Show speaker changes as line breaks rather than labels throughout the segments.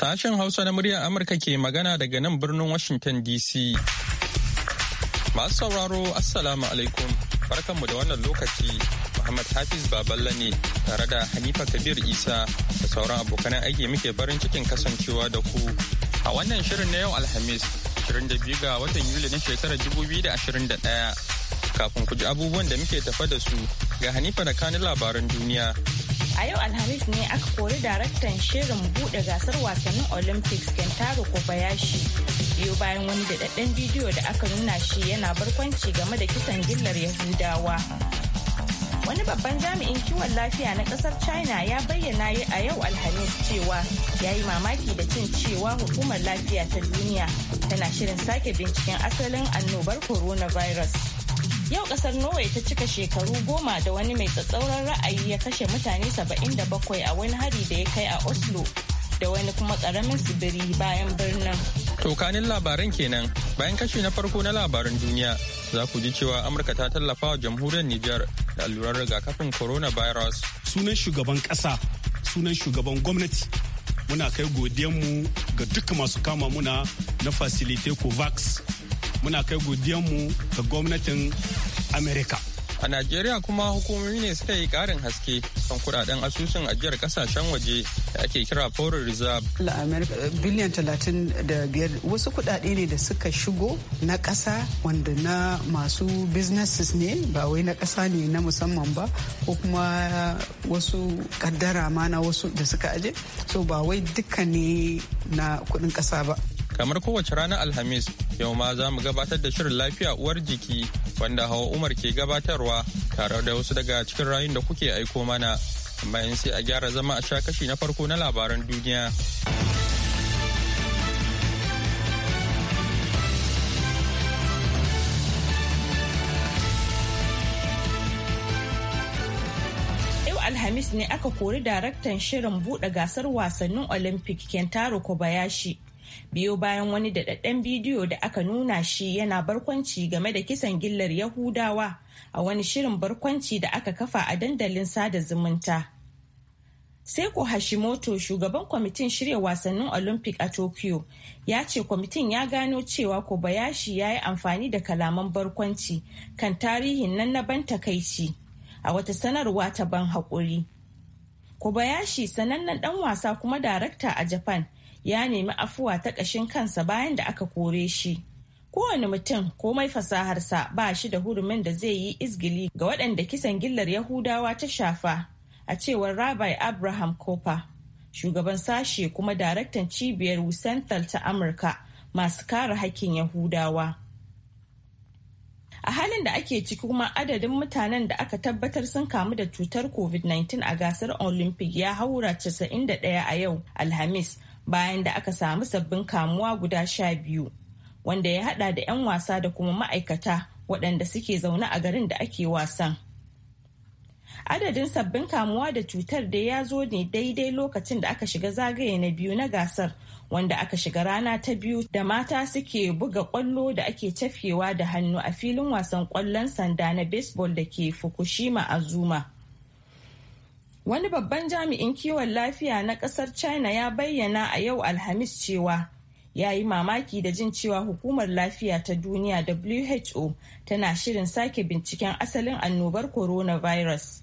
Sashen Hausa na muryar Amurka ke magana daga nan birnin Washington DC. Masu sauraro Assalamu alaikum barkanmu da wannan lokaci Muhammad Hafiz Baballa ne tare da Hanifa Kabir Isa da sauran abokan aiki muke farin cikin kasancewa da ku a wannan shirin na yau Alhamis 22 ga watan Yuli na shekarar 2021 kafin ku ji abubuwan da muke tafa da su ga Hanifa da kanin labaran duniya.
A yau Alhamis ne aka kori daraktan shirin buɗe gasar wasannin Olympics Kentaro Kobayashi. Biyo bayan wani daɗaɗɗen bidiyo da aka nuna shi yana barkwanci game da kisan gillar Yahudawa. Wani babban jami'in kiwon lafiya na ƙasar China ya bayyana a yau Alhamis cewa ya yi mamaki da cin cewa hukumar lafiya ta duniya tana shirin sake binciken asalin annobar coronavirus. Yau kasar Norway ta cika shekaru goma da wani mai tsatsauran ra'ayi ya kashe mutane 77 a wani hari da ya kai a Oslo da wani kuma karamin tsibiri bayan birnin.
Tokanin labaran kenan bayan kashi na farko na labaran duniya za ku ji cewa Amurka ta tallafa wa jamhuriyar Nijar da allurar rigakafin coronavirus.
Sunan shugaban ƙasa, sunan shugaban gwamnati. Muna kai godiyanmu ga duka masu kama muna na facilite COVAX
muna kai mu ga gwamnatin amerika a najeriya kuma hukumomi ne suka yi karin haske kan kudaden asusun ajiyar kasashen waje da ake kira foreign reserve
eh, biliyan talatin da biyar wasu kudade ne da suka shigo na kasa wanda na masu businesses ne ba wai na kasa ne na musamman ba ko kuma wasu kaddara ma na wasu da suka aje so ba wai duka ne na kudin kasa ba
Kamar kowace ranar Alhamis, yau ma za mu gabatar da shirin lafiya uwar jiki wanda hawa Umar ke gabatarwa tare da wasu daga cikin rayun da kuke aiko mana. Bayan sai a gyara zama a sha kashi na farko na labaran duniya.
Alhamis ne aka kori daraktan shirin buɗe gasar wasannin Olympic Kentaro Kobayashi biyo bayan wani daɗaɗɗen bidiyo da aka nuna shi yana barkwanci game da kisan gillar yahudawa a wani shirin barkwanci da aka kafa a dandalin sada zumunta sai Seiko Hashimoto shugaban kwamitin shirya wasannin Olympic a Tokyo ya ce kwamitin ya gano cewa Kobayashi ya yi amfani da kalaman barkwanci kan tarihin nan na ban takaici a wata sanarwa ta ban haƙuri. Kobayashi sanannen dan wasa kuma darakta a Japan ya nemi afuwa ta ƙashin kansa bayan da aka kore shi. Kowane mutum komai fasaharsa ba shi da hurumin da zai yi izgili ga waɗanda kisan gillar Yahudawa ta shafa, a cewar Rabbi Abraham Kopa, shugaban sashe kuma daraktan cibiyar Wusenthal ta Amurka masu kare hakkin Yahudawa. A halin da ake ciki kuma adadin mutanen da aka tabbatar sun kamu da cutar COVID-19 a gasar Olympic ya haura 91 a yau Alhamis. bayan da aka samu sabbin kamuwa guda sha biyu wanda ya hada da 'yan wasa da kuma ma'aikata waɗanda suke zaune a garin da ake wasan. Adadin sabbin kamuwa da cutar da ya zo ne daidai lokacin da aka shiga zagaye na biyu na gasar wanda aka shiga rana ta biyu da mata suke buga kwallo da ake cafewa da hannu a filin wasan kwallon sanda na baseball da ke Fukushima a Zuma. Wani babban jami'in kiwon lafiya na ƙasar China ya bayyana a yau Alhamis cewa ya yi mamaki da jin cewa hukumar lafiya ta duniya WHO tana shirin sake binciken asalin annobar coronavirus.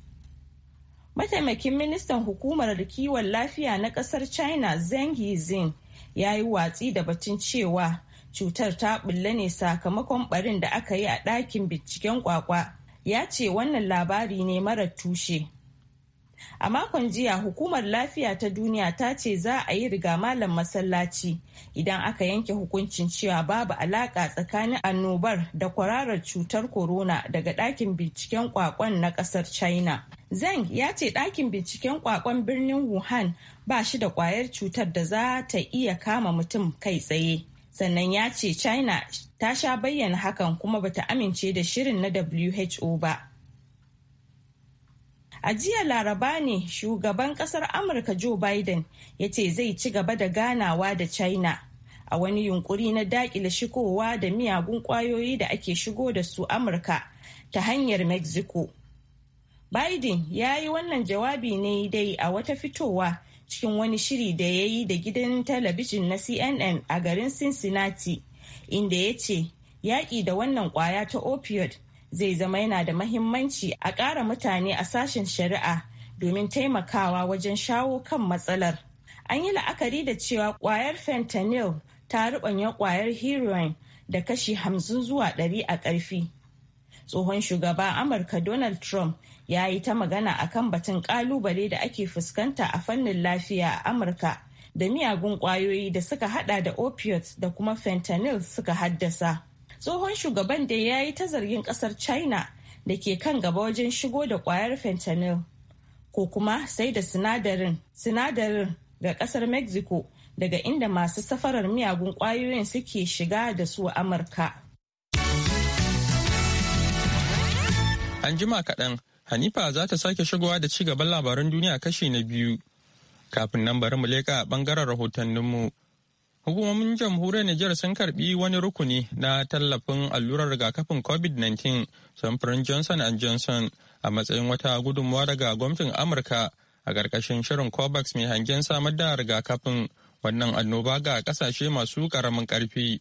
Mataimakin ministan hukumar kiwon lafiya na ƙasar China Zheng Yizin ya yi watsi da batun cewa cutar ta bulle ne sakamakon barin da aka yi a ɗakin binciken kwakwa. Ya ce wannan labari ne marar tushe. A makon jiya hukumar lafiya ta duniya ta ce za a yi riga malam masallaci idan aka yanke hukuncin cewa babu alaƙa tsakanin annobar da kwararar cutar corona daga ɗakin binciken kwakwan na ƙasar China. Zeng ya ce ɗakin binciken kwakwan birnin Wuhan ba shi da kwayar cutar da za ta iya kama mutum kai tsaye. Sannan ya ce China ta sha bayyana hakan kuma bata amince da shirin na WHO ba. A jiya laraba ne shugaban kasar Amurka Joe Biden ya ce zai ci gaba da ganawa da China a wani yunkuri na daƙile shigowa da miyagun ƙwayoyi da ake shigo da su Amurka ta hanyar Mexico. Biden ya yi wannan jawabi ne dai a wata fitowa cikin wani shiri da ya yi da gidan talabijin na CNN a garin Cincinnati, inda ya ce yaƙi da wannan ƙwaya ta opioid zai zama yana da mahimmanci a ƙara mutane a sashen shari'a domin taimakawa wajen shawo kan matsalar. An yi la'akari da cewa ƙwayar fentanyl ta ruɓanya ƙwayar heroin da kashi hamsin zuwa ɗari a ƙarfi. Tsohon shugaba Amurka Donald Trump ya yi ta magana a kan batun ƙalubale da ake fuskanta a fannin lafiya a Amurka da miyagun ƙwayoyi da suka hada da opioids da kuma fentanyl suka haddasa. tsohon shugaban da ya yi ta zargin kasar china da ke kan gaba wajen shigo da kwayar fentanyl ko kuma sai da sinadarin sinadarin ga kasar mexico daga inda masu safarar miyagun kwayoyin suke shiga da su amurka
an jima kaɗan hanifa za ta sake shigowa da ci gaban labaran duniya kashi na biyu kafin nan bari mu leƙa ɓangaren rahotanninmu Hukumomin jamhuriyar Nijar sun karbi wani rukuni na tallafin allurar rigakafin COVID-19 samfurin Johnson Johnson a matsayin wata gudunmawa daga gwamnatin Amurka a ƙarƙashin shirin COVAX mai hangen samar da rigakafin wannan annoba ga ƙasashe masu ƙaramin ƙarfi.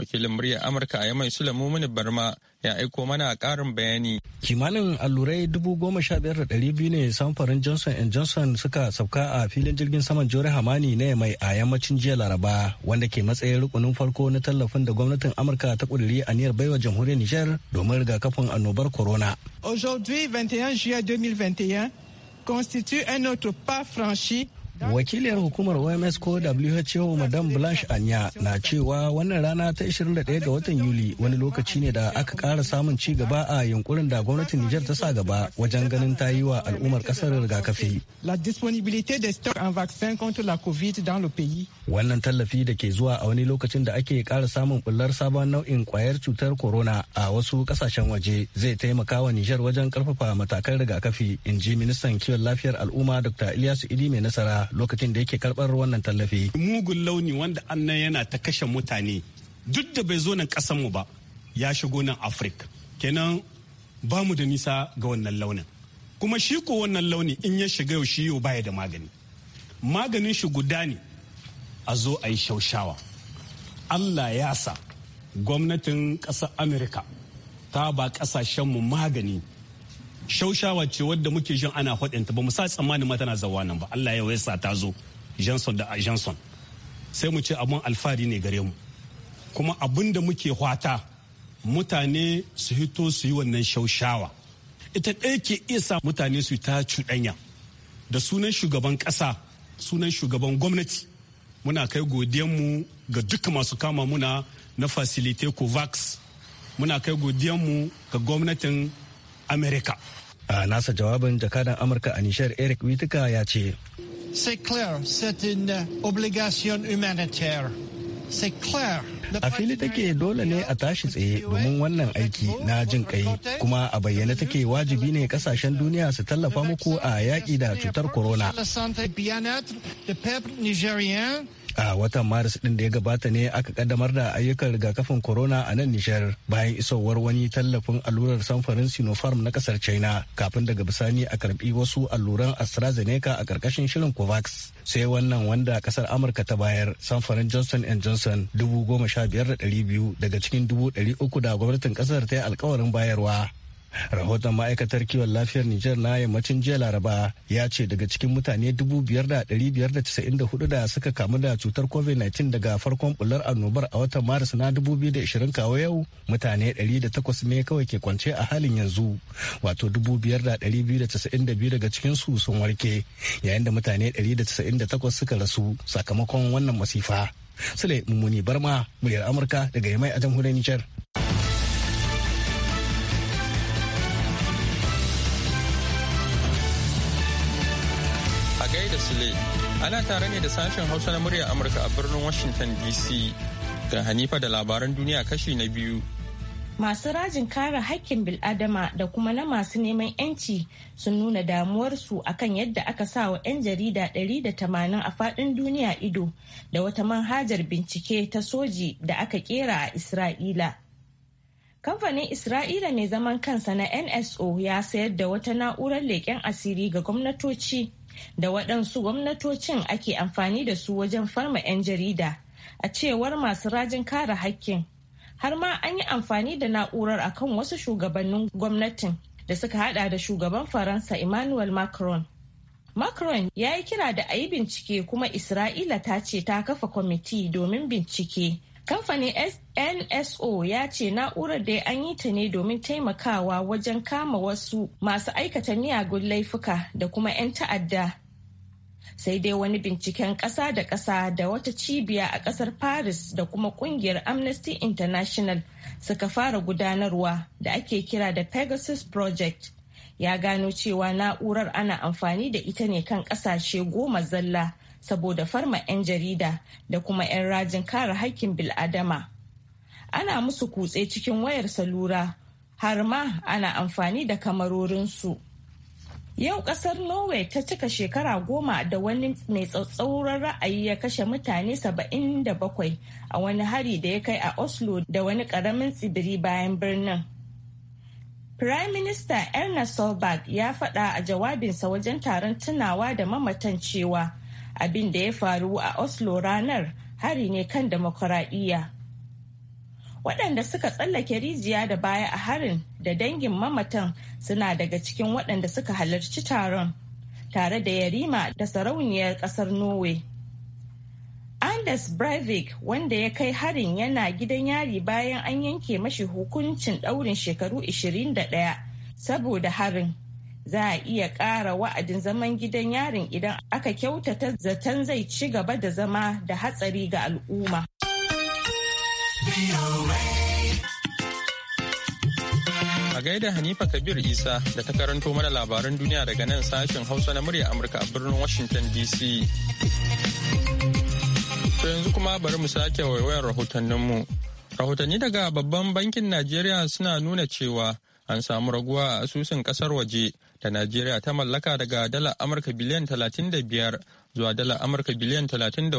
wakilin muryar amurka a yamai sulamu mini barma ya aiko mana karin bayani
kimanin allurai dubu goma sha biyar da biyu ne samfarin johnson johnson suka sauka a filin jirgin saman jore hamani na mai a yammacin jiya laraba wanda ke matsayin rukunin farko na tallafin da gwamnatin amurka ta kuduri niyar baiwa jamhuriyar nijar domin rigakafin annobar corona aujourd'hui 21 juillet 2021 constitue un autre pas franchi wakiliyar hukumar oms ko who madam blanche anya na cewa wannan rana ta 21 ga watan yuli wani lokaci ne da aka kara samun ci gaba a yunkurin da gwamnatin niger ta sa gaba wajen ganin ta yi wa al'ummar kasar rigakafi
la covid
wannan tallafi da ke zuwa a wani lokacin da ake kara samun bullar sabon nau'in kwayar cutar corona a wasu kasashen waje zai taimaka wa niger wajen karfafa matakan rigakafi in ji ministan kiwon lafiyar al'umma dr ilyasu idi mai nasara lokacin da yake karɓar wannan
tallafi. Mugun launi wanda annan yana ta kashe mutane duk da bai zo nan mu ba ya shigo nan Afirka. Kenan ba mu da nisa ga wannan launin. Kuma shi ko wannan launi in ya shiga yau shi yau baya da magani. Maganin shi guda ne a zo a yi shaushawa. Allah ya sa gwamnatin ƙasar Amurka ta ba ƙasashenmu magani shaushawa ce wadda muke jin ana hudinta ba mu sa tsammanin ma tana zawa nan ba Allah ya sa ta zo Johnson da Johnson sai mu ce abun alfahari ne gare mu kuma abun da muke hwata mutane su hito su yi wannan shaushawa ita ɗaya ke isa mutane su ta cuɗanya da sunan shugaban ƙasa sunan shugaban gwamnati muna kai mu ga duka masu kama muna na facilite covax muna kai mu ga gwamnatin america a nasa jawabin
jakadan amurka a nishar eric witika ya ce obligation humanitaire. a fili take dole ne a tashi tsaye domin wannan aiki na jin kai kuma a bayyane take wajibi ne kasashen duniya su tallafa muku a yaƙi da cutar corona a watan maris din da ya gabata ne aka kaddamar da ayyukan rigakafin corona a nan nijar bayan isowar wani tallafin allurar samfarin sinopharm na kasar china kafin daga bisani a karbi wasu alluran astrazeneca a karkashin shirin covax sai wannan wanda kasar amurka ta bayar samfarin johnson johnson dubu goma sha biyar da ɗari biyu daga cikin dubu ɗari uku da gwamnatin kasar ta yi alkawarin bayarwa rahoton ma'aikatar kiwon lafiyar niger na yammacin jiya laraba ya ce daga cikin mutane 5,594 da suka kamu da cutar covid-19 daga farkon bular annobar a watan maris na 2020 kawo yau mutane 108 ne kawai ke kwance a halin yanzu wato 5,292 daga cikinsu sun warke yayin da mutane 198 suka rasu sakamakon wannan masifa sule mummuni barma muryar amurka daga yamai a jamhuriyar nijar
Sule. Ana tare ne da sashen Hausa na murya Amurka a birnin Washington DC. Ga Hanifa da labaran duniya kashi na biyu.
Masu rajin kare haƙƙin bil'adama da kuma na masu neman 'yanci sun nuna damuwarsu akan yadda aka sa wa 'yan jarida 180 a faɗin duniya ido da wata manhajar bincike ta soji da aka kera a Isra'ila. kamfanin isra'ila mai zaman kansa na nso ya sayar da wata na'urar leƙen asiri ga gwamnatoci da waɗansu gwamnatocin ake amfani da su wajen farma 'yan jarida a cewar masu rajin kare hakkin har ma an yi amfani da na'urar akan wasu shugabannin gwamnatin da suka hada da shugaban faransa emmanuel macron macron ya yi kira da a yi bincike kuma isra'ila ta ce ta kafa kwamiti domin bincike kamfanin nso ya ce na'urar da an yi ta ne domin taimakawa wajen kama wasu masu aikata miyagun laifuka da kuma 'yan ta'adda sai dai wani binciken ƙasa da ƙasa da wata cibiya a ƙasar paris da kuma ƙungiyar amnesty international suka fara gudanarwa da ake kira da pegasus project ya gano cewa na'urar ana amfani da ita ne kan ƙasashe goma zalla saboda farma 'yan jarida da kuma 'yan rajin kare haƙƙin bil'adama. Ana musu kutse cikin wayar salura har ma ana amfani da kamarorinsu. Yau ƙasar Norway ta cika shekara goma da wani mai tsatsauran ra'ayi ya kashe mutane 77 a wani hari da ya kai a Oslo da wani ƙaramin tsibiri bayan birnin. Prime Minister Erna Solberg ya faɗa a jawabinsa wajen taron tunawa da mamatan cewa abin da ya faru a oslo ranar hari ne kan demokuraɗiyya waɗanda suka tsallake rijiya da baya a harin da dangin mamatan suna daga cikin waɗanda suka halarci taron tare da yarima da sarauniyar ƙasar norway anders breivik wanda ya kai harin yana gidan yari bayan an yanke mashi hukuncin ɗaurin shekaru 21 saboda harin za a iya ƙara wa'adin zaman gidan yarin idan aka kyautata zaton zai ci gaba da zama da hatsari ga al'umma.
A gaida Hanifa Kabir Isa da ta karanto mana labaran duniya daga nan sashen Hausa na murya Amurka a birnin Washington DC. To yanzu kuma bari mu sake waiwayar rahotanninmu. Rahotanni daga babban bankin Najeriya suna nuna cewa an samu raguwa a asusun kasar waje da Najeriya ta mallaka daga dala Amurka biliyan 35 zuwa dala Amurka biliyan 34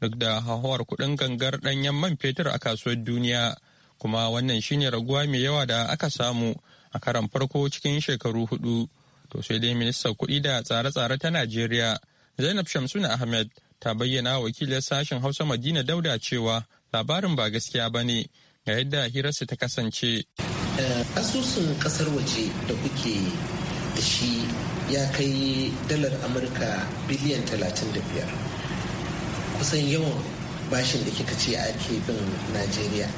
duk da hauhawar kuɗin gangar ɗanyen man fetur a kasuwar duniya. Kuma wannan shine raguwa mai yawa da aka samu a karan farko cikin shekaru hudu. To sai dai ministan kuɗi da tsare-tsare ta Najeriya Zainab Shamsuna Ahmed ta bayyana wakilin sashen Hausa Madina Dauda cewa labarin ba gaskiya ba ne ga yadda hirarsa ta kasance.
Eh, asusun ƙasar waje da kuke da shi ya kai dalar amurka biliyan 35 kusan yawan bashin da kika ce ake bin najeriya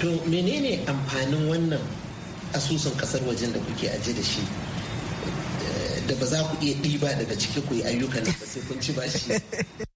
to menene amfanin wannan asusun kasar wajen da kuke aje da shi eh, da ba za ku iya ɗiba daga ciki ku yi ayyukan da sai kun ci bashi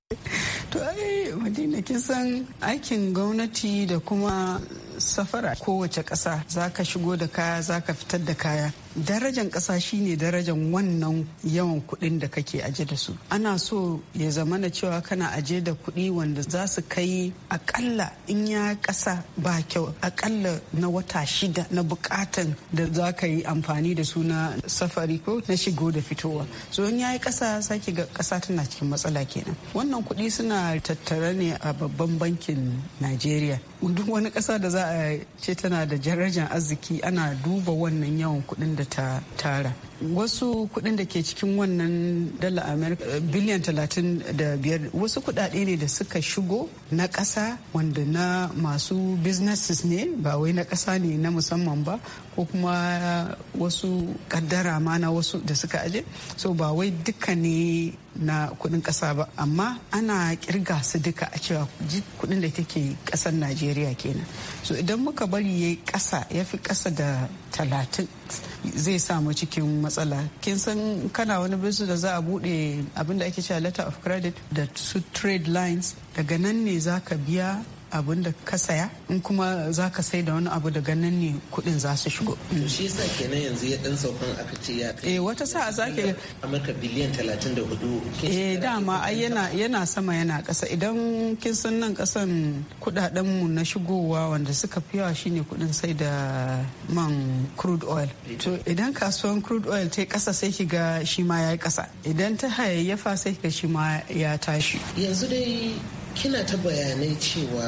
to ai madina kisan aikin gwamnati da kuma safara kowace ƙasa za ka shigo da kaya za ka fitar da kaya darajan ƙasa shine darajan wannan yawan kuɗin da kake aje da su ana so ya zama na cewa kana aje da kuɗi wanda za su kai akalla in ya ƙasa ba kyau akalla na wata shida na buƙatan da za ka yi amfani da su na safari ko na shigo da fitowa so in ya yi ƙasa sake ga ƙasa tana cikin matsala kenan wannan kuɗi suna tattare ne a babban bankin najeriya duk wani ƙasa da za a ce tana da darajan arziki ana duba wannan yawan kuɗin da ta tara wasu kuɗin da ke cikin wannan dala amerika eh, biliyan talatin da biyar wasu kuɗaɗe ne da suka shigo na ƙasa wanda na masu businesses ne ba wai na ƙasa ne na musamman ba ko kuma wasu ƙaddara ma na wasu da suka aje so ba wai duka ne na kudin kasa ba amma ana kirga su duka a cewa kuɗin da take kasar najeriya kenan so idan muka bari ya kasa ya fi kasa da talatin zai samu cikin matsala kin san kana wani bisu da za a bude abin da ake cewa letter of credit da su trade lines daga nan ne za ka biya abin da ka saya in kuma za ka sai da wani abu daga nan ne kudin za su shigo. shi yasa
kenan yanzu ya dan saukan aka ce ya kai. eh
wata sa'a za ka amurka biliyan talatin da hudu. eh dama ai yana yana sama yana kasa idan kin san nan kasan kudaden mu na shigowa wanda suka fi yawa shine kudin sai da man crude oil. to idan kasuwan crude oil ta kasa sai ki ga shi ma ya yi kasa idan ta hayayyafa sai ki ga shi ma ya tashi. yanzu dai kina ta bayanai cewa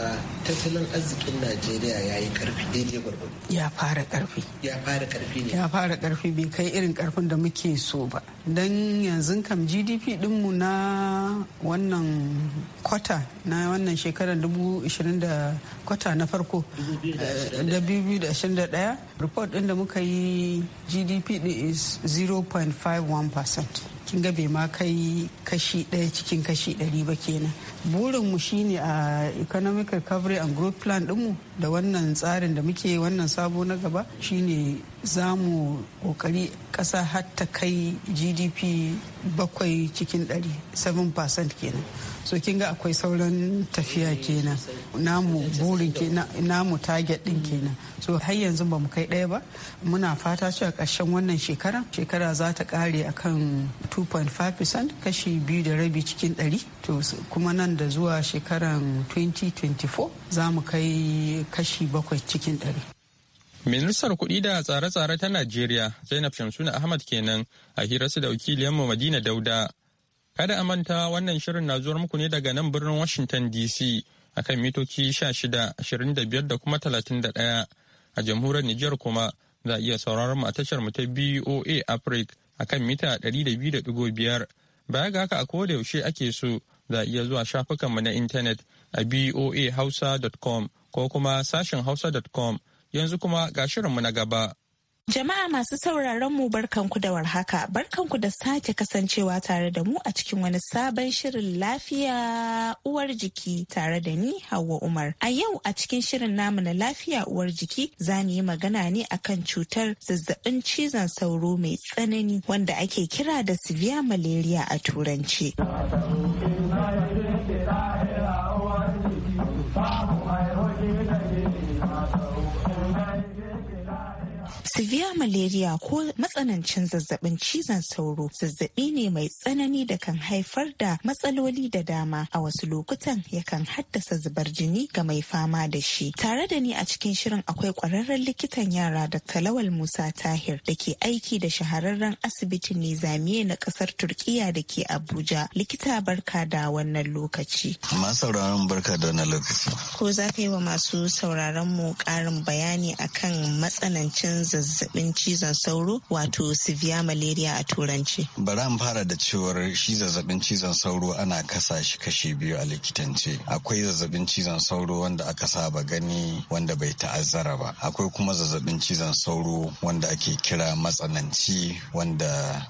tattalin arzikin najeriya ya yi karfi daidai gwargwado ya fara karfi ya fara karfi ne ya fara karfi bai kai irin karfin da muke so ba don yanzu kam gdp dinmu na wannan kwata na wannan shekarar 2020 da kwata na farko eh, da 2021 report din da muka yi gdp is 0.51 percent kin ga bai ma kai kashi ɗaya cikin kashi ɗari ba kenan burinmu shine a economic recovery and growth plan ɗinmu da wannan tsarin da muke wannan sabo na gaba shine za mu kokari ƙasa har ta kai gdp bakwai cikin ɗari 7% kenan so kin ga akwai sauran tafiya kenan namu burin kenan namu target din kenan so har yanzu ba mu kai ɗaya ba muna fata cewa ƙarshen wannan shekara shekara za ta ƙare akan 2.5% kashi biyu da rabi cikin ɗari to kuma nan da zuwa shekaran 2024 za mu kai kashi bakwai cikin ɗari
Ministar kuɗi da tsare-tsare ta Najeriya Zainab Shamsuna Ahmad kenan a hirarsu da wakiliyanmu Madina Dauda Kada a manta wannan shirin na zuwa muku ne daga nan birnin Washington DC akan mitoci 16, da kuma 31 a jamhuriyar Nijar kuma za a iya sauraron mu a tashar mu ta BOA Africa akan mita 200.5 baya ga haka a koda yaushe ake so za a iya zuwa shafukan mu na intanet a boahausa.com ko kuma sashen hausa.com yanzu kuma ga shirin mu na gaba.
Jama'a masu sauraron mu barkanku da warhaka, barkanku da sake kasancewa tare da mu a cikin wani sabon shirin lafiya uwar jiki tare da ni Hauwa Umar. A yau a cikin shirin namu na lafiya uwar jiki za mu yi magana ne akan cutar zazzabin cizon sauro mai tsanani wanda ake kira da severe malaria a turanci. severe malaria ko matsanancin zazzabin cizon sauro zazzabi ne mai tsanani da kan haifar da matsaloli da dama a wasu lokutan yakan haddasa zubar jini ga mai fama da shi. Tare da ni a cikin shirin akwai kwararren likitan yara da Talawal Musa Tahir da ke aiki da shahararren asibitin Nizamiye na kasar Turkiya da ke Abuja. Likita barka da wannan lokaci.
Masu barka da lokaci.
Ko za ka yi wa masu sauraron mu ƙarin bayani akan matsanancin zazzabi zazzabin cizon sauro wato severe malaria a turanci.
Bari an fara da cewar shi zazzabin cizon sauro ana kasa shi kashi biyu a likitance. Akwai zazzabin cizon sauro wanda aka saba gani wanda bai ta'azzara ba. Akwai kuma zazzabin cizon sauro wanda ake kira matsananci wanda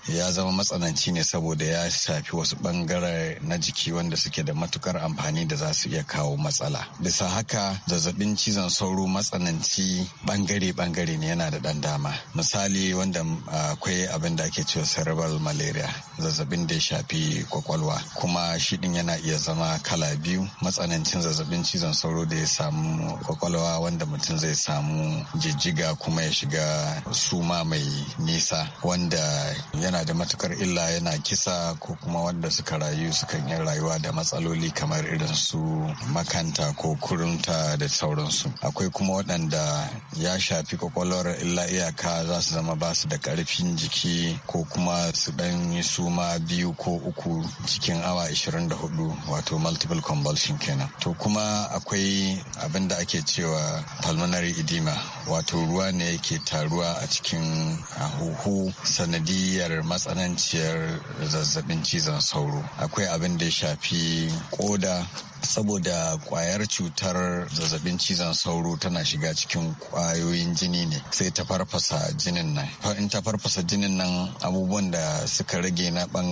ya zama matsananci ne saboda ya shafi wasu bangare na jiki wanda suke da matukar amfani da za su iya kawo matsala. Bisa haka zazzabin cizon sauro matsananci bangare-bangare ne yana da ɗan dama misali wanda ah, akwai abin da ake cewa cerebral malaria zazzabin da ya shafi kwakwalwa kuma shi din yana iya zama kala biyu matsanancin zazzabin cizon sauro da ya samu kwakwalwa wanda mutum zai samu jijjiga kuma ya shiga suma mai nisa wanda yana da matukar illa yana kisa ko kuma wanda suka rayu suka yi rayuwa da matsaloli kamar irin su makanta ko kurunta da sauransu akwai kuma waɗanda ya shafi kwakwalwar illa iya iyaka za su zama ba su da karfin jiki ko kuma su dan yi suma biyu ko uku cikin awa 24 wato multiple convulsion kenan to kuma akwai abin da ake cewa pulmonary edema wato ruwa ne yake taruwa a cikin huhu sanadiyar matsananciyar zazzabin cizon sauro akwai abin da ya shafi koda saboda kwayar cutar zazzabin cizon sauro tana shiga cikin kwayoyin jini ne sai ta farfa farfasa jinin nan in ta farfasa jinin nan abubuwan da suka rage na ban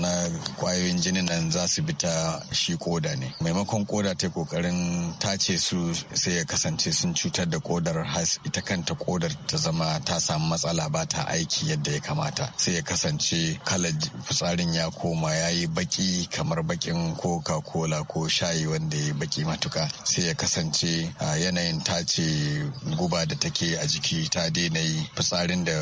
na kwayoyin jinin nan za su bi ta shi koda ne maimakon koda ta kokarin tace su sai ya kasance sun cutar da kodar has ita kanta kodar ta zama ta samu matsala ba ta aiki yadda ya kamata sai ya kasance kalar fitsarin ya koma ya yi baki kamar bakin coca cola ko shayi wanda ya baki matuka sai ya kasance yanayin tace guba da take a jiki ta daidai daina yi fitsarin da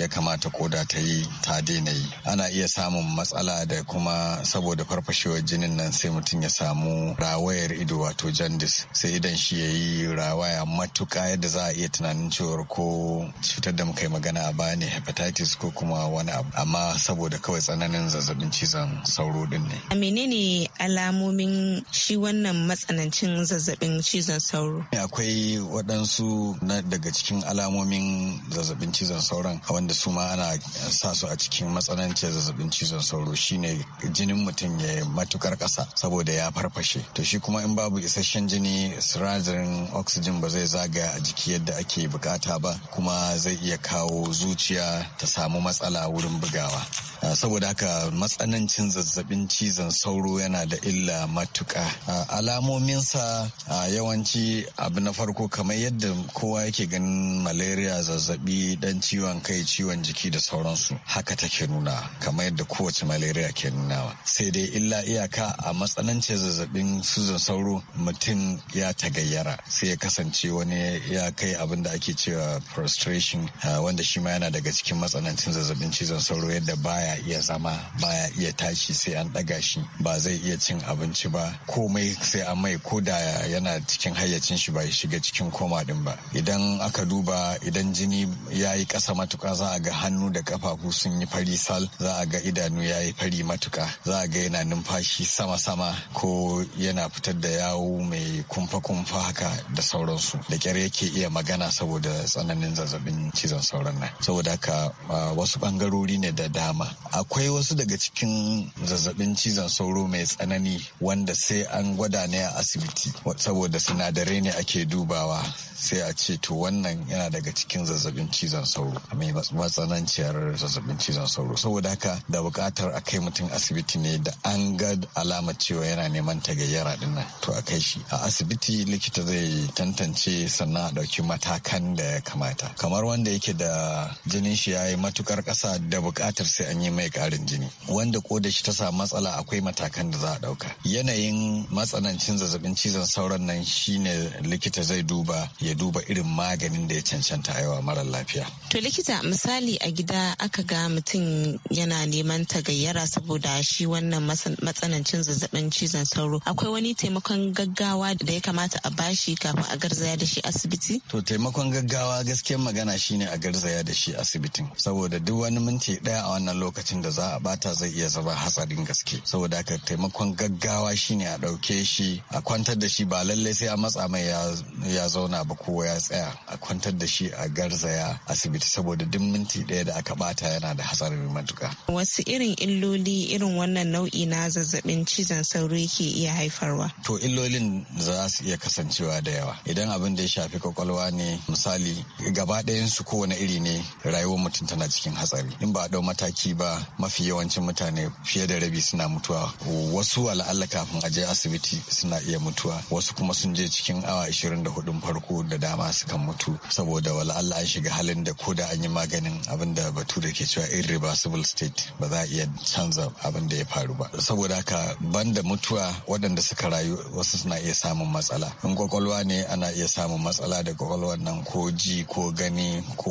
ya kamata koda ta yi ta daina yi ana iya samun matsala da kuma saboda farfashewar jinin nan sai mutum ya samu rawayar ido wato jandis sai idan shi ya yi rawaya matuka yadda za a iya tunanin cewar ko cutar da muka yi magana a baya ne hepatitis ko kuma wani abu amma saboda kawai tsananin zazzabin cizon sauro din ne.
A menene alamomin shi wannan matsanancin
zazzabin cizon sauro? Akwai waɗansu na daga cikin alamomin zazzabin zazzabin cizon sauron wanda su ma ana sa su a cikin matsananciyar zazzabin cizon sauro shine jinin mutum ya matukar kasa saboda ya farfashe to shi kuma in babu isasshen jini sinadarin oxygen ba zai zaga a jiki yadda ake bukata ba kuma zai iya kawo zuciya ta samu matsala wurin bugawa ah, saboda haka matsanancin zazzabin cizon sauro yana da illa matuka alamomin ah, alamominsa ah, yawanci abu na farko kamar yadda kowa yake ganin malaria zazzabi dan ciwon kai ciwon jiki da sauransu haka take nuna kamar yadda kowace malaria ke nunawa sai dai illa iyaka a matsanancin zazzabin suzan sauro mutum ya tagayyara sai ya kasance wani ya kai abin da ake cewa prostration wanda shi ma yana daga cikin matsanancin zazzabin cizon sauro yadda baya iya zama baya iya tashi sai an ɗaga shi ba zai iya cin abinci ba komai sai an mai ko da yana cikin hayyacin shi ba ya shiga cikin koma din ba idan aka duba idan jini jini ya yi ƙasa matuka za a ga hannu da kafafu sun yi fari sal za a ga idanu ya yi fari matuka za a ga yana numfashi sama-sama ko yana fitar da yawu mai kumfa-kumfa haka da sauransu da kyar yake iya magana saboda tsananin zazzabin cizon sauran nan saboda haka wasu bangarori ne da dama akwai wasu daga cikin zazzabin cizon sauro mai tsanani wanda sai an gwada ne a asibiti saboda sinadarai ne ake dubawa sai a ce to wannan yana daga cikin zazzabin zazzabin cizon sauro mai matsananciyar zazzabin cizon sauro saboda haka da bukatar a kai mutum asibiti ne da an ga alama cewa yana neman tagayyara din nan to a kai shi a asibiti likita zai tantance sannan a ɗauki matakan da ya kamata kamar wanda yake da jinin shi ya yi matukar ƙasa da bukatar sai an yi mai karin jini wanda koda shi ta samu matsala akwai matakan da za a ɗauka yanayin matsanancin zazzabin cizon sauron nan shine likita zai duba ya duba irin maganin da ya cancanta yawa mara lafiya.
To likita misali a gida aka ga mutum yana neman tagayyara saboda shi wannan matsanancin zazzabin cizon sauro akwai wani taimakon gaggawa da ya kamata a bashi kafin a garzaya da shi asibiti?
To taimakon gaggawa gaskiyar magana shine a garzaya da shi asibitin saboda duk wani minti daya a wannan lokacin da za a bata zai iya zama hatsarin gaske saboda haka taimakon gaggawa shine a ɗauke shi a kwantar da shi ba lallai sai a matsa mai ya zauna ba ko ya tsaya a kwantar da shi a gar. garzaya asibiti saboda duk minti ɗaya da aka bata yana da hatsarin matuka.
Wasu irin illoli irin wannan nau'i na zazzabin cizon sauro yake iya haifarwa?
To illolin za su iya kasancewa da yawa. Idan abin da ya shafi kwakwalwa ne misali gaba su kowane iri ne rayuwar mutum tana cikin hatsari. In ba a mataki ba mafi yawancin mutane fiye da rabi suna mutuwa. Wasu ala'alla kafin a je asibiti suna iya mutuwa. Wasu kuma sun je cikin awa da hudun farko da dama sukan mutu saboda wala'alla an shiga halin da ko da an yi maganin abin da ke cewa irreversible state ba za a iya canza abin da ya faru ba saboda haka banda mutuwa waɗanda suka rayu wasu suna iya samun matsala in kwakwalwa ne ana iya samun matsala da kwakwalwar nan ko ji ko gani ko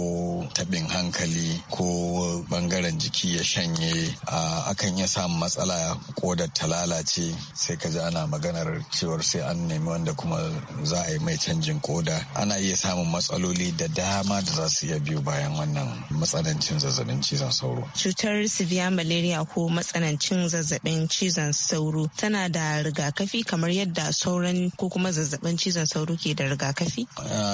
taɓin hankali ko bangaren jiki ya shanye akan iya samun matsala kodar ta lalace sai ka ji ana maganar cewar sai an nemi wanda kuma za a yi mai canjin koda ana iya samun matsaloli da dama dama da za su iya biyu bayan wannan matsanancin zazzabin cizon sauro.
Cutar severe malaria ko matsanancin zazzabin cizon sauro tana da rigakafi kamar yadda sauran ko kuma zazzabin cizon sauro ke da rigakafi?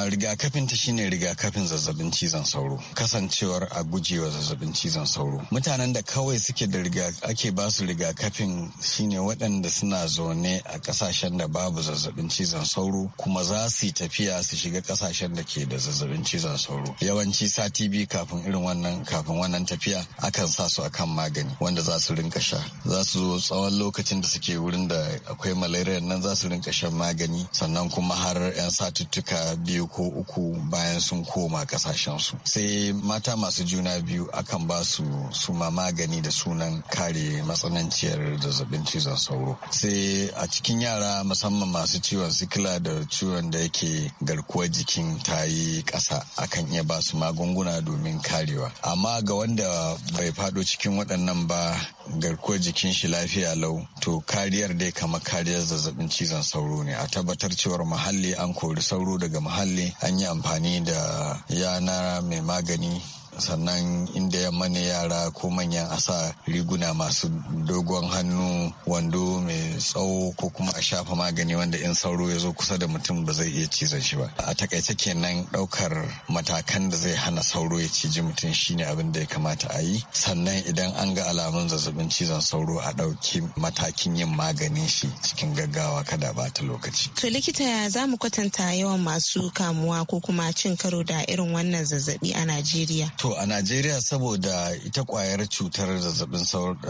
Rigakafin ta shine rigakafin zazzabin cizon sauro. Kasancewar a gujewa zazzabin cizon sauro. Mutanen da kawai suke da riga ake ba su rigakafin shine waɗanda suna zaune a ƙasashen da babu zazzabin cizon sauro kuma za su yi tafiya su shiga ƙasashen da ke da zazzabin cizon sauro. sauro yawanci sati biyu kafin irin wannan kafin wannan tafiya akan sa su akan magani wanda za su rinka sha za su zo tsawon lokacin da suke wurin da akwai malaria nan za su rinka shan magani sannan kuma har 'yan satuttuka biyu ko uku bayan sun koma kasashen su sai mata masu juna biyu akan ba su suma magani da sunan kare matsananciyar zazzabin cizon sauro sai a cikin yara musamman masu ciwon sikila da ciwon da yake garkuwar jikin ta yi ƙasa akan kan iya ba su magunguna domin karewa amma ga wanda bai fado cikin waɗannan ba garkuwar jikin shi lafiya lau to kariyar dai kama kariyar zazzabin cizon sauro ne a tabbatar cewar muhalli an kori sauro daga muhalli an yi amfani da yana mai magani sannan inda ya ne yara ko manyan a sa riguna masu dogon hannu wando mai tsawo ko kuma a shafa magani wanda in sauro ya zo kusa da mutum ba zai iya cizon shi ba a takaice kenan daukar matakan da zai hana sauro ya ciji mutum shine abin da ya kamata a yi sannan idan an ga alamun zazzabin cizon sauro a ɗauki matakin yin maganin shi cikin gaggawa kada bata lokaci
to likita za mu kwatanta yawan masu kamuwa ko kuma cin karo da irin wannan zazzabi a najeriya
To a Najeriya saboda ita kwayar cutar zazzabin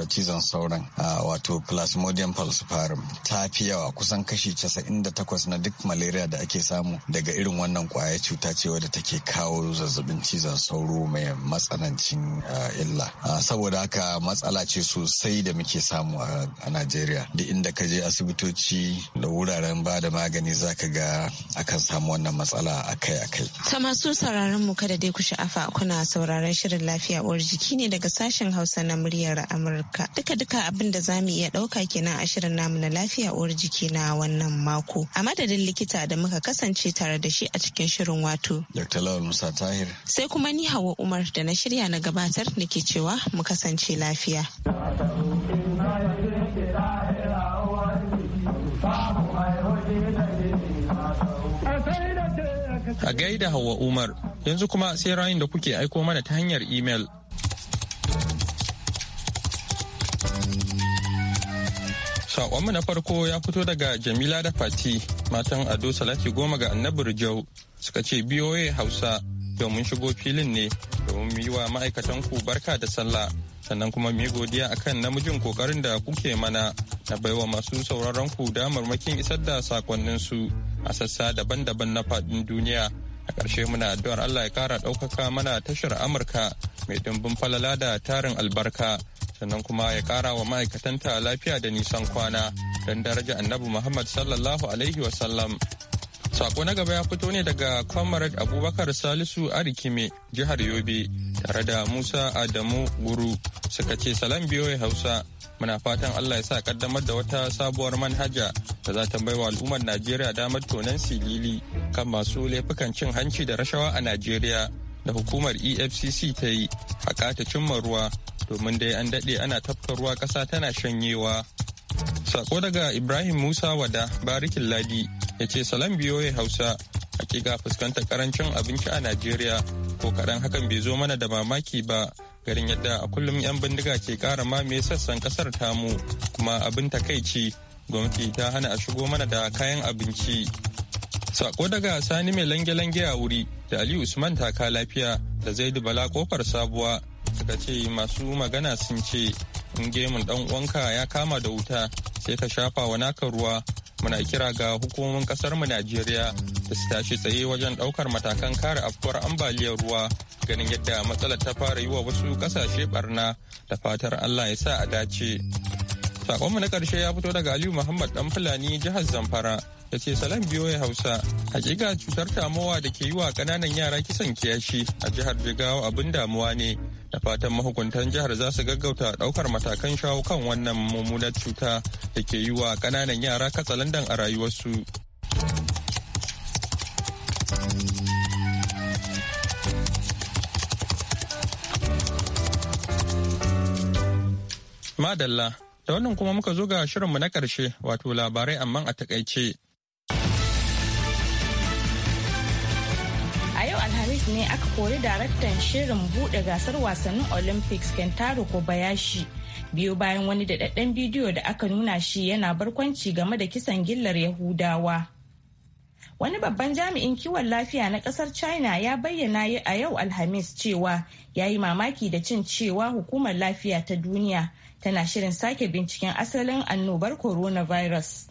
cizon sauran wato Plasmodium falciparum ta fi yawa kusan kashi 98 na duk malaria da ake samu daga irin wannan kwayar cuta ce wadda take kawo zazzabin cizon sauro mai matsanancin illa. Saboda haka matsala ce sosai da muke samu a Najeriya. Duk inda ka je asibitoci da wuraren ba da magani ka ga akan samu wannan matsala akai-akai.
Ta masu sauraron mu kada dai ku sha'afa kuna sauraron shirin lafiya uwar jiki ne daga sashen Hausa na muryar Amurka. Duka-duka abin da za mu iya ɗauka kenan a shirin namu na lafiya uwar jiki na wannan mako. A madadin likita da muka kasance tare da shi a cikin shirin wato.
Musa Tahir.
Sai kuma ni Hawa Umar da na shirya na gabatar nake cewa mu kasance lafiya.
A gaida Hauwa Umar, yanzu kuma sai rayun da kuke aiko mana ta hanyar imel. Saƙonmu na farko ya fito daga Jamila da Fati, matan Ado Salati goma ga annabi Rijau, suka ce BOA Hausa domin shigo filin ne domin yi wa ma'aikatan ku barka da sallah. sannan kuma mu godiya akan namijin kokarin da kuke mana na baiwa masu sauraron ku damarmakin isar da sakonninsu su a sassa daban-daban na faɗin duniya a ƙarshe muna addu'ar allah ya ƙara ɗaukaka mana tashar amurka mai dimbin falala da tarin albarka sannan kuma ya ƙara wa ma'aikatanta lafiya da nisan kwana don daraja annabi muhammad sallallahu alaihi wasallam Sako na gaba ya fito ne daga Comrade Abubakar Salisu Arikime, jihar Yobe, tare da Musa Adamu Guru, suka ce salam biyoyi Hausa. muna fatan allah ya sa kaddamar da wata sabuwar manhaja da za ta wa al'ummar najeriya damar tonan silili kan masu laifukan cin hanci da rashawa a najeriya da hukumar efcc ta yi a kata cimma ruwa domin dai an daɗe ana tafka ruwa ƙasa tana shanyewa sako daga ibrahim musa wada barikin ladi ya ce salam ya hausa hakika fuskantar karancin abinci a najeriya ko kaɗan hakan bai zo mana da mamaki ba garin yadda a kullum 'yan bindiga ke ƙara mamaye sassan ƙasar tamu kuma abin takaici gwamnati ta hana a shigo mana da kayan abinci sako daga sani mai lange-lange a wuri da ali usman taka lafiya da zaidu bala kofar sabuwa suka ce masu magana sun ce in gemun dan uwanka ya kama da wuta sai ka shafa wa naka ruwa muna kira ga hukumomin kasar mu Najeriya da su tashi tsaye wajen daukar matakan kare afkuwar ambaliyar ruwa ganin yadda matsalar ta fara yi wa wasu kasashe barna da fatar Allah ya sa a dace. Sakonmu na karshe ya fito daga Aliyu Muhammad dan Fulani jihar Zamfara da ce salam ya Hausa hakika cutar tamowa da ke yi wa kananan yara kisan kiyashi a jihar Jigawa abin damuwa ne. da fatan mahukuntan jihar za su gaggauta daukar matakan shawo kan wannan mummunar cuta da ke yi wa kananan yara katsalandan a rayuwarsu madalla da wannan kuma muka zo ga shirinmu na karshe wato labarai amma a takaice
Paris ne aka kori daraktan shirin buɗe gasar wasannin Olympics Kentaro Kobayashi. Biyu bayan wani daɗaɗɗen bidiyo da aka nuna shi yana barkwanci game da kisan gillar Yahudawa. Wani babban jami'in kiwon lafiya na ƙasar China ya bayyana a yau Alhamis cewa ya yi mamaki da cin cewa hukumar lafiya ta duniya tana shirin sake binciken asalin annobar coronavirus.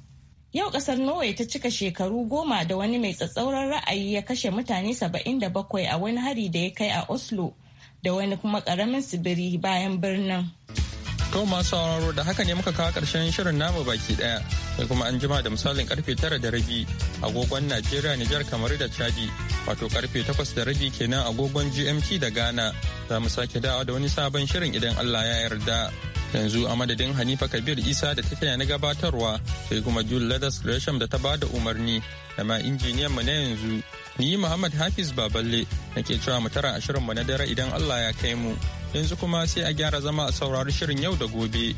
Yau kasar Norway ta cika shekaru goma da wani mai tsatsauran ra'ayi ya kashe mutane 77 a wani hari da ya kai a Oslo da wani kuma karamin tsibiri bayan birnin.
To masu sauraro da haka ne muka kawo karshen shirin namu baki daya da kuma an jima da misalin karfe tara da rabi agogon Najeriya Nijar kamar da Chadi wato karfe takwas da rabi kenan agogon GMT da Ghana za mu sake dawa da wani sabon shirin idan Allah ya yarda. yanzu a madadin hanifa kabir isa da ta na gabatarwa sai kuma jul ladas gresham da ta ba da umarni da ma injiniyan mu na yanzu ni muhammad hafiz baballe na ke cewa mutara tara ashirin mu na dare idan allah ya kai mu yanzu kuma sai a gyara zama a saurari shirin yau da gobe